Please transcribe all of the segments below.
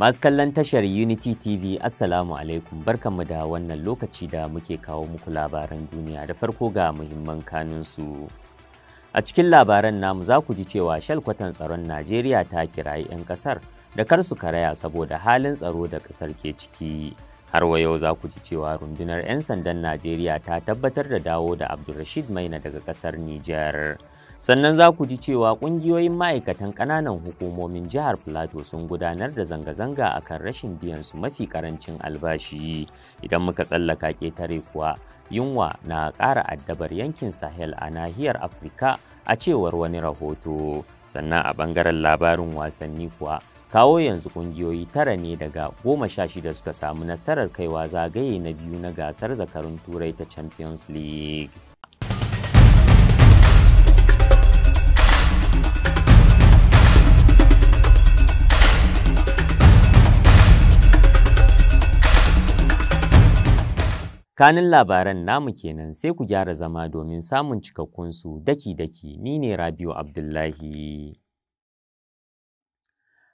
Masu kallon tashar Unity TV Assalamu alaikum barkanmu da wannan lokaci da muke kawo muku labaran duniya da farko ga muhimman kanunsu. A cikin labaran namu za ku ji cewa shalkwatan tsaron Najeriya ta kirayi 'yan kasar da kar su karaya saboda halin tsaro da kasar ke ciki. Har wa yau za ku ji cewa rundunar 'yan sandan Najeriya ta tabbatar da dawo da Abdulrashid Maina daga kasar Niger? sannan za ku ji cewa ƙungiyoyin ma'aikatan ƙananan hukumomin jihar plateau sun gudanar da zanga-zanga a kan rashin biyan su mafi ƙarancin albashi idan muka tsallaka ƙetare kuwa yunwa na ƙara addabar yankin sahel a nahiyar afirka a cewar wani rahoto sannan a ɓangaren labarin wasanni kuwa kawo yanzu ƙungiyoyi tara ne daga goma sha shida suka samu nasarar kaiwa zagaye na biyu na gasar zakarun turai ta champions league Kanin labaran namu kenan sai ku gyara zama domin samun cikakkunsu daki-daki ni ne Rabiu Abdullahi.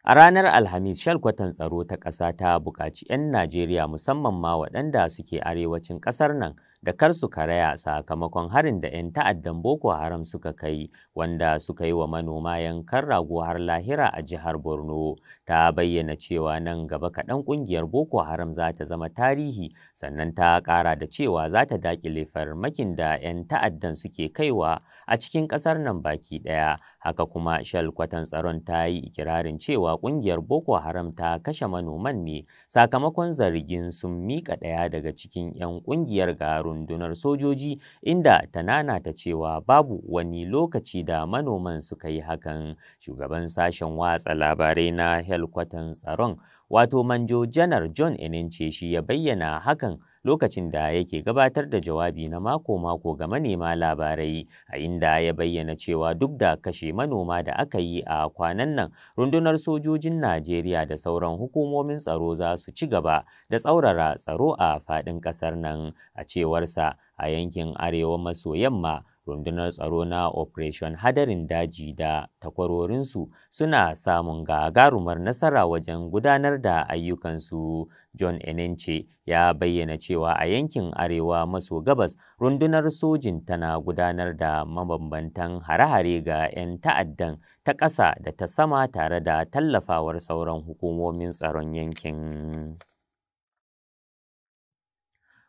A ranar Alhamis shalkwatan tsaro ta ƙasa ta buƙaci 'yan Najeriya musamman ma waɗanda suke arewacin ƙasar nan da kar su karaya sakamakon harin da 'yan ta'addan Boko Haram suka kai wanda suka yi wa manoma yankan rago har lahira a jihar Borno ta bayyana cewa nan gaba kaɗan ƙungiyar Boko Haram za ta zama tarihi sannan ta ƙara da cewa za ta daƙile farmakin da 'yan ta'addan suke kaiwa a cikin ƙasar nan baki ɗaya haka kuma shalkwatan tsaron ta yi ikirarin cewa ƙungiyar Boko Haram ta kashe manoman ne sakamakon zargin sun miƙa ɗaya daga cikin 'yan ƙungiyar garun rundunar sojoji inda ta nanata cewa babu wani lokaci da manoman suka yi hakan shugaban sashen watsa labarai na helkwatan tsaron wato manjo janar john enince shi ya bayyana hakan lokacin da yake gabatar da jawabi na mako-mako ga manema labarai a inda ya bayyana cewa duk da kashe manoma da aka yi a kwanan nan rundunar sojojin Najeriya da sauran hukumomin tsaro za su ci gaba da tsaurara tsaro a faɗin ƙasar nan a cewarsa a yankin arewa maso yamma rundunar tsaro na operation hadarin daji da takwarorinsu suna samun gagarumar nasara wajen gudanar da ayyukansu john enenche ya bayyana cewa a yankin arewa maso gabas rundunar sojin tana gudanar da mabambantan hare-hare ga 'yan ta'addan ta ƙasa da ta sama tare da tallafawar sauran hukumomin tsaron yankin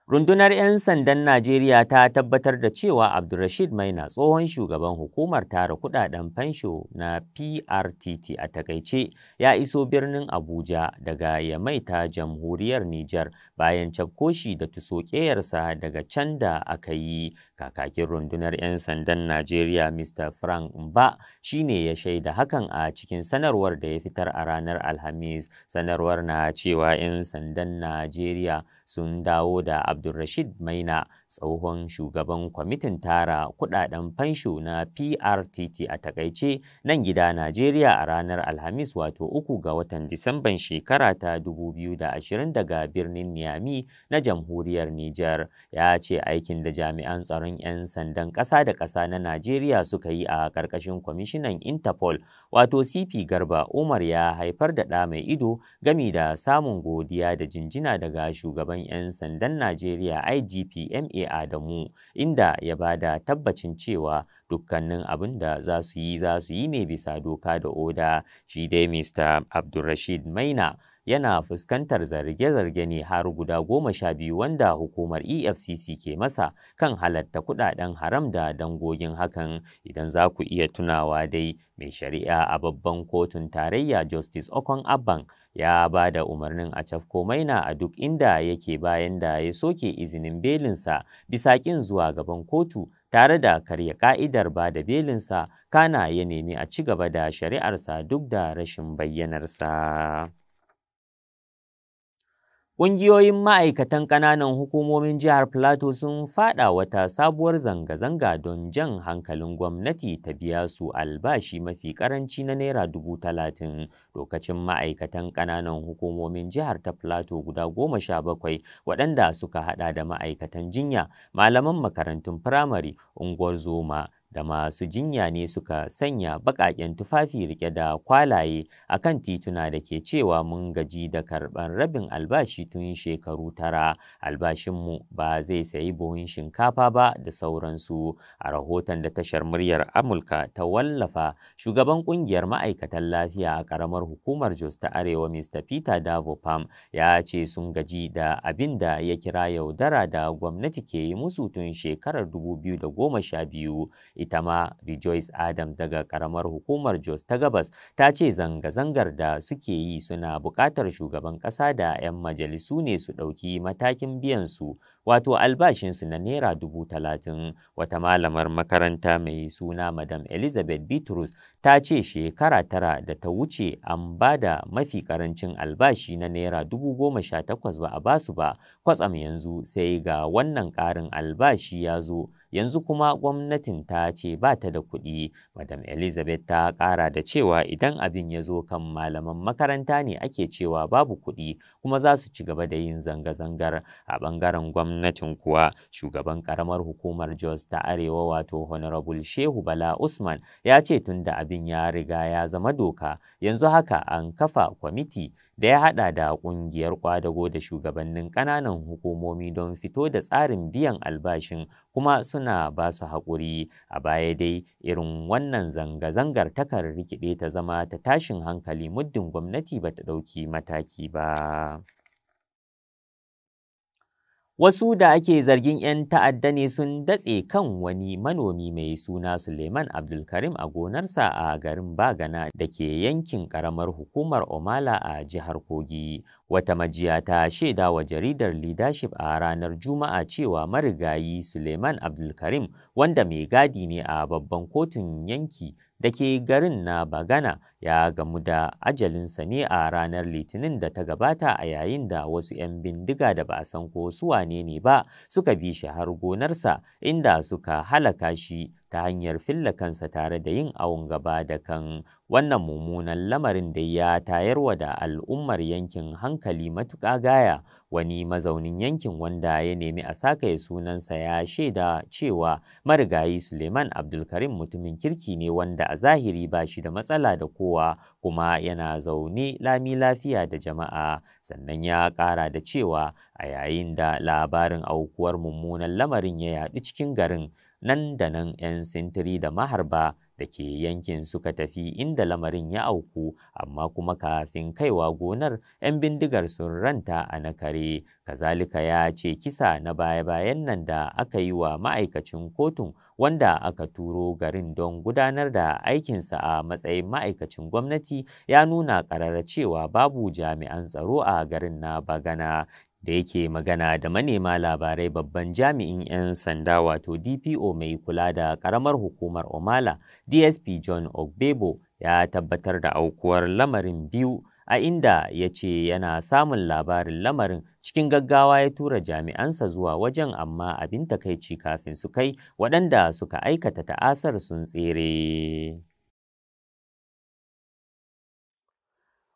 Rundunar 'yan sandan Najeriya ta tabbatar da cewa Abdulrashid Maina tsohon shugaban hukumar tara kudaden fansho na PRTT a takaice ya iso birnin Abuja daga yamaita maita jamhuriyar Nijar bayan cafko da tusokeyarsa daga can da aka yi kakakin rundunar 'yan sandan Najeriya Mr. Frank Mba shi ne ya shaida hakan a cikin sanarwar da ya fitar a ranar Alhamis. Sanarwar na cewa 'yan sandan Najeriya sun dawo da Abdulrashid Maina tsohon shugaban kwamitin tara kudaden fansho na PRTT a takaice nan gida Najeriya a ranar Alhamis wato uku ga watan Disamban shekara ta 2020 daga birnin Niamey na jamhuriyar Nijar ya ce aikin da jami'an tsaron 'yan sandan ƙasa da ƙasa na Najeriya suka yi a ƙarƙashin kwamishinan Interpol wato CP Garba Umar ya haifar da ɗa mai ido gami da samun godiya da jinjina daga shugaban 'yan sandan Najeriya IGP MA A Adamu inda ya bada tabbacin cewa dukkanin abin da za su yi za su yi ne bisa doka da oda shi dai Mr. Abdulrashid Maina yana fuskantar zarge-zarge ne har guda goma sha biyu wanda hukumar efcc ke masa kan halatta kudaden haram da dangogin hakan idan za ku iya tunawa dai mai shari'a a babban kotun tarayya justice okon abban ya ba da umarnin a cafko maina a duk inda yake bayan da ya soke izinin belinsa bisa kin zuwa gaban kotu tare da karya ka'idar ba da belinsa kana ya nemi a ci gaba da shari'arsa duk da rashin bayyanarsa Ƙungiyoyin ma'aikatan ƙananan hukumomin jihar Plateau sun faɗa wata sabuwar zanga-zanga don jan hankalin gwamnati ta biya su albashi mafi ƙaranci na Naira dubu talatin. Lokacin ma'aikatan ƙananan hukumomin jihar ta Plateau guda goma sha bakwai waɗanda suka haɗa da ma'aikatan jinya, malaman makarantun firamare, unguwar zoma, da masu jinya ne suka sanya baƙaƙen tufafi riƙe da kwalaye a kan tituna da ke cewa mun gaji da karɓar rabin albashi tun shekaru tara albashinmu ba zai sayi buhun shinkafa ba da sauransu a rahoton da tashar muryar amurka ta wallafa shugaban ƙungiyar ma'aikatan lafiya a ƙaramar hukumar jos ta arewa mr peter davopam ya ce sun gaji da abin da ya kira yaudara da gwamnati ke yi musu tun shekarar dubu biyu da goma sha biyu. ita ma rejoice adams daga karamar hukumar jos ta gabas ta ce zanga-zangar da suke yi suna buƙatar shugaban ƙasa da 'yan majalisu ne su ɗauki matakin biyan su wato albashinsu na naira dubu talatin wata malamar makaranta mai suna madam elizabeth bitrus ta ce shekara tara da ta wuce an ba da mafi karancin albashi na naira dubu goma sha takwas ba a basu ba kwatsam yanzu sai ga wannan ƙarin albashi ya zo yanzu kuma gwamnatin ta ce ba ta da kuɗi madam elizabeth ta ƙara da cewa idan abin ya zo kan malaman makaranta ne ake cewa babu kuɗi kuma za su ci gaba da yin zanga-zangar a ɓangaren gwamnatin kuwa shugaban ƙaramar hukumar jos ta arewa wato honorable shehu bala usman ya ce tun da abin abin ya riga ya zama doka yanzu haka an kafa kwamiti da ya hada da kungiyar kwadago da shugabannin kananan hukumomi don fito da tsarin biyan albashin kuma suna ba su haƙuri a baya dai irin wannan zanga-zangar takar rikide ta zama ta tashin hankali muddin gwamnati ba ta ɗauki mataki ba. Wasu da ake zargin 'yan ta'adda ne sun datse kan wani manomi mai suna Suleiman Abdulkarim a gonarsa a garin Bagana da ke yankin ƙaramar hukumar Omala a jihar Kogi, Wata majiya ta shaida wa jaridar Leadership a ranar Juma'a cewa marigayi Suleiman Abdulkarim wanda mai gadi ne a babban kotun yanki da ke garin na Bagana ya gamu da ajalinsa ne a ranar Litinin da ta gabata a yayin da wasu 'yan bindiga da ba a san ko ne ne ba suka bi shi har gonarsa inda suka halaka shi ta hanyar filla kansa tare da yin awon gaba da kan wannan mummunan lamarin da ya tayarwa da al'ummar yankin hankali matuƙa gaya wani mazaunin yankin wanda ya nemi a sakaye sunansa ya shaida cewa marigayi suleiman abdulkarim mutumin kirki ne wanda a zahiri ba shi da matsala da kowa kuma yana zaune lami lafiya da jama'a sannan ya ƙara da cewa a yayin da labarin aukuwar mummunan lamarin ya yaɗu cikin garin nan da nan 'yan sintiri da maharba da ke yankin suka tafi inda lamarin ya auku amma kuma kafin kaiwa gonar 'yan bindigar sun ranta a nakare kazalika ya ce kisa na baya-bayan nan da aka yi wa ma'aikacin kotun wanda aka turo garin don gudanar da aikinsa a matsayin ma'aikacin gwamnati ya nuna ƙarara cewa babu jami'an tsaro a garin na bagana da yake magana da manema labarai babban jami'in 'yan sanda wato dpo mai kula da karamar hukumar omala dsp john ogbebo ya tabbatar da aukuwar lamarin biyu a inda ya ce yana samun labarin lamarin cikin gaggawa ya tura jami'ansa zuwa wajen amma abin takaici kafin su kai waɗanda suka aikata ta'asar sun tsere.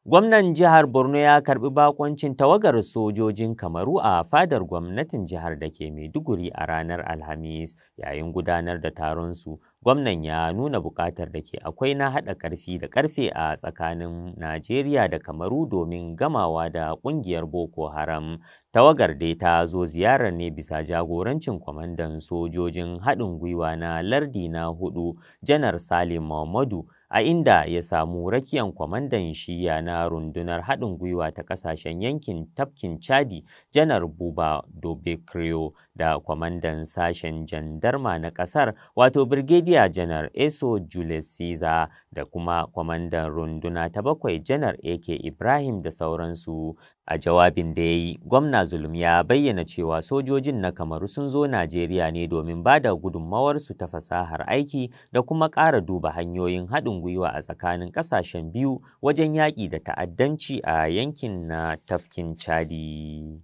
Gwamnan jihar Borno ya karbi bakoncin tawagar sojojin Kamaru a fadar gwamnatin jihar da ke Maiduguri a ranar Alhamis yayin gudanar da taron su. Gwamnan ya nuna bukatar da ke akwai na haɗa ƙarfi da ƙarfe a tsakanin Najeriya da Kamaru domin gamawa da ƙungiyar Boko Haram. Tawagar dai ta zo ziyarar ne bisa jagorancin kwamandan sojojin haɗin gwiwa na lardi na hudu Janar Salim Muhammadu a inda ya samu rakiyan kwamandan shiya na rundunar haɗin gwiwa ta ƙasashen yankin tafkin chadi janar buba dobe creo da kwamandan sashen jandarma na ƙasar wato birgediya janar eso julius caesar da kuma kwamandan runduna ta bakwai janar ak ibrahim da sauransu a jawabin da ya yi gwamna zulum ya bayyana cewa sojojin na kamaru sun zo najeriya ne domin ba da gudunmawarsu ta fasahar aiki da kuma ƙara duba hanyoyin haɗin gwiwa a tsakanin ƙasashen biyu wajen yaƙi da ta'addanci a yankin na tafkin Chadi.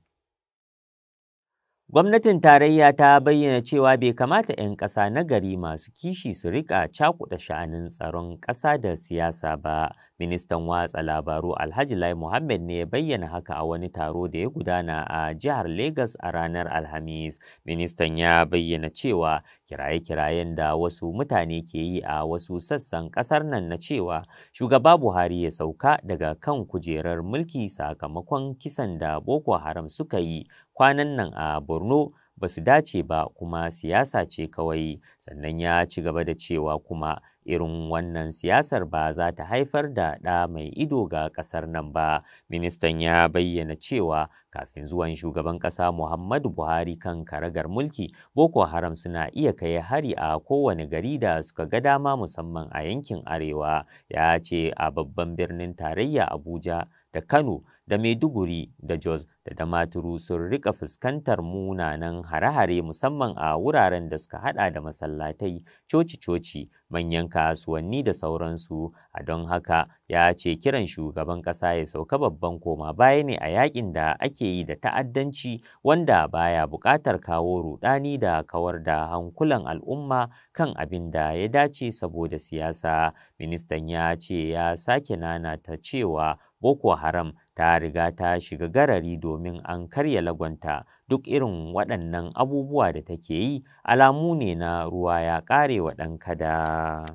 Gwamnatin tarayya ta bayyana cewa bai kamata 'yan ƙasa na gari masu kishi su riƙa cakuɗa sha'anin tsaron ƙasa da siyasa ba. Ministan watsa labaru Alhaji Lai Muhammad ne ya bayyana haka a wani taro da ya gudana a jihar Legas a ranar Alhamis. Ministan ya bayyana cewa kiraye-kirayen da wasu mutane ke yi a wasu sassan ƙasar nan na cewa shugaba Buhari ya sauka daga kan kujerar mulki sakamakon kisan da Boko Haram suka yi kwanan nan a borno ba su dace ba kuma siyasa ce kawai sannan ya ci gaba da cewa kuma irin wannan siyasar ba za ta haifar da ɗa mai ido ga ƙasar nan ba ministan ya bayyana cewa kafin zuwan shugaban ƙasa muhammadu buhari kan karagar mulki boko haram suna iya kai hari a kowane gari da suka ga dama musamman a yankin arewa ya ce a babban birnin tarayya abuja da Kano da Maiduguri da Jos da Damaturu sun rika fuskantar munanan hare-hare musamman a wuraren da suka hada da masallatai, coci-coci, manyan kasuwanni da sauransu. A don haka ya ce kiran shugaban kasa ya sauka babban koma baya ne a yakin da ake yi da ta'addanci wanda baya buƙatar kawo rudani da kawar da hankulan al'umma kan abin da ya dace saboda siyasa. Ministan ya ce ya sake nanata cewa Boko Haram ta riga ta shiga garari domin an karya lagonta duk irin waɗannan abubuwa da take yi alamu ne na ruwa ya ƙare wa ɗan kada.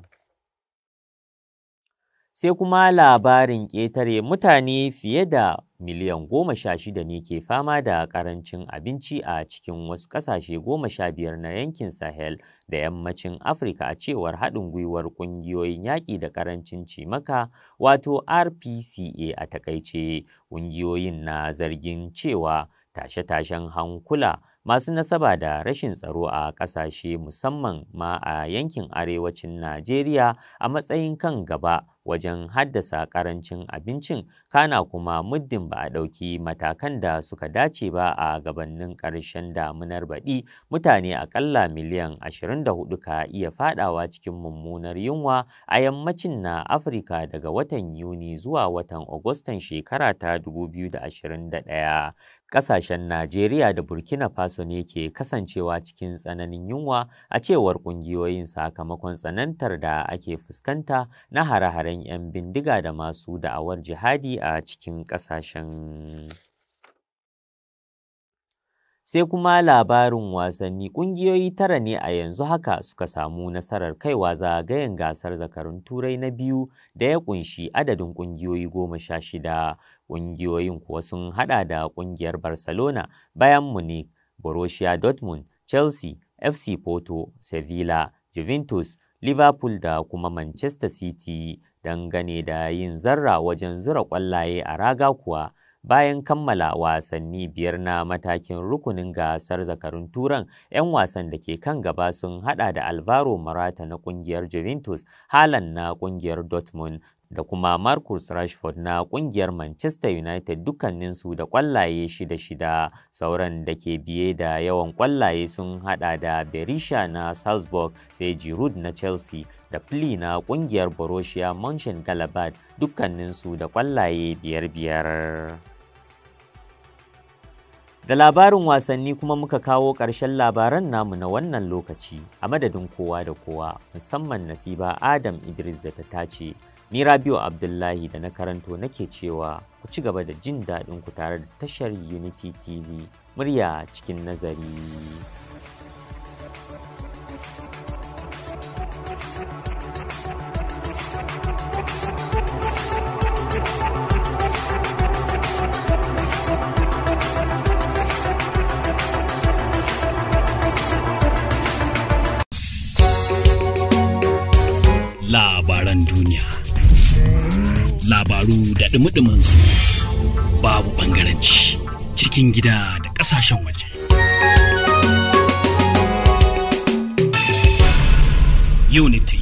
Sai kuma labarin ƙetare mutane fiye da miliyan goma sha shida ne ke fama da ƙarancin abinci a cikin wasu ƙasashe goma sha biyar na yankin sahel da yammacin afirka a cewar haɗin gwiwar ƙungiyoyin yaƙi da ƙarancin cimaka wato rpca a takaice ƙungiyoyin na zargin cewa tashe-tashen hankula masu nasaba da rashin tsaro a ƙasashe musamman ma a yankin arewacin najeriya a matsayin kan gaba wajen haddasa ƙarancin abincin kana kuma muddin ba a ɗauki matakan da suka dace ba a gabannin ƙarshen damunar baɗi mutane aƙalla miliyan 24 ka iya faɗawa cikin mummunar yunwa a yammacin na afirka daga watan yuni zuwa watan agustan shekara ta 2021 Ƙasashen Najeriya da Burkina Faso ne ke kasancewa cikin tsananin yunwa a cewar ƙungiyoyin sakamakon tsanantar da ake fuskanta na hare-hare hare 'yan bindiga da masu da'awar jihadi a cikin ƙasashen sai kuma labarin wasanni ƙungiyoyi tara ne a yanzu haka suka samu nasarar kaiwa zagayen gasar zakarun turai na biyu da ya kunshi adadin ƙungiyoyi goma sha shida ƙungiyoyin kuwa sun hada da ƙungiyar barcelona bayan munich borussia dortmund chelsea fc porto sevilla juventus liverpool da kuma manchester city dangane da yin zarra wajen zura ƙwallaye a raga kuwa bayan kammala wasanni biyar na matakin rukunin gasar zakarun turan 'yan wasan da ke kan gaba sun hada da alvaro marata na kungiyar juventus halan na kungiyar dortmund da kuma Marcus Rashford na kungiyar Manchester United dukkaninsu da kwallaye shida-shida sauran da ke biye da yawan kwallaye sun hada da Berisha na Salzburg sai Giroud na Chelsea da Pli na kungiyar Borussia Mönchengladbach dukkaninsu da kwallaye biyar-biyar. Da labarin wasanni kuma muka kawo ƙarshen labaran namu na wannan lokaci a madadin kowa da kowa musamman Nasiba Adam Idris da ta tace. Ni Rabiu Abdullahi da na karanto nake cewa ku ci gaba da jin daɗin ku tare da tashar Unity TV murya cikin nazari. labaran duniya. labaru da dumi su babu ɓangaranci cikin gida da ƙasashen waje. Unit